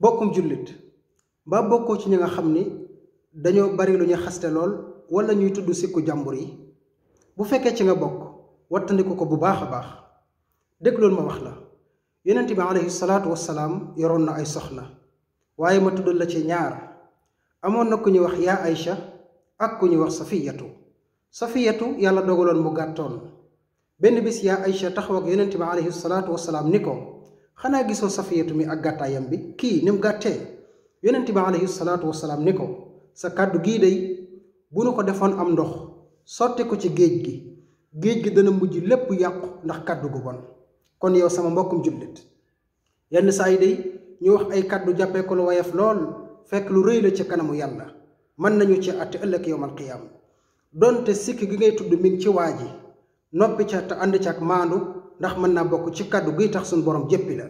bokkum jullit ba bokkoo ci ñi nga xam ni dañoo bari lu ñu xaste lool wala ñuy tudd sikku jàmbur yi bu fekkee ci nga bokk wattandiku ko bu baax a baax dégg ma wax la yonent bi alayhi salaam yoroon na ay soxla waaye ma tuddal la ci ñaar amoon na ku ñuy wax yaa Aïcha ak ku ñuy wax sa safiyatu safiyatu yàlla dogaloon mu gàttoon benn bis yaa Aïcha taxaw ak yonent bi alayhi salaatu wasalaam ni ko xanaa gisoo safiyatu mi ak gàttaayam bi kii ni mu gàttee yonent bi alayhi salaatu wasalaam ni ko sa kàddu gii day bu nu ko defoon am ndox sotti ko ci géej gi géej gi dana mujj lépp yàqu ndax kàddu gu bon kon yow sama mbokkum jublit yenn saa yi day ñu wax ay kàddu jàppee ko woyof lool fekk lu rëy la ci kanamu yàlla mën nañu ci àtte ëllëg yow yowmal qiyaam donte sikk gi ngay tudd mi ngi ci waa ji noppi ca te ànd ca ak maandu ndax mën naa bokk ci kàddu guy tax suñu borom jëppi la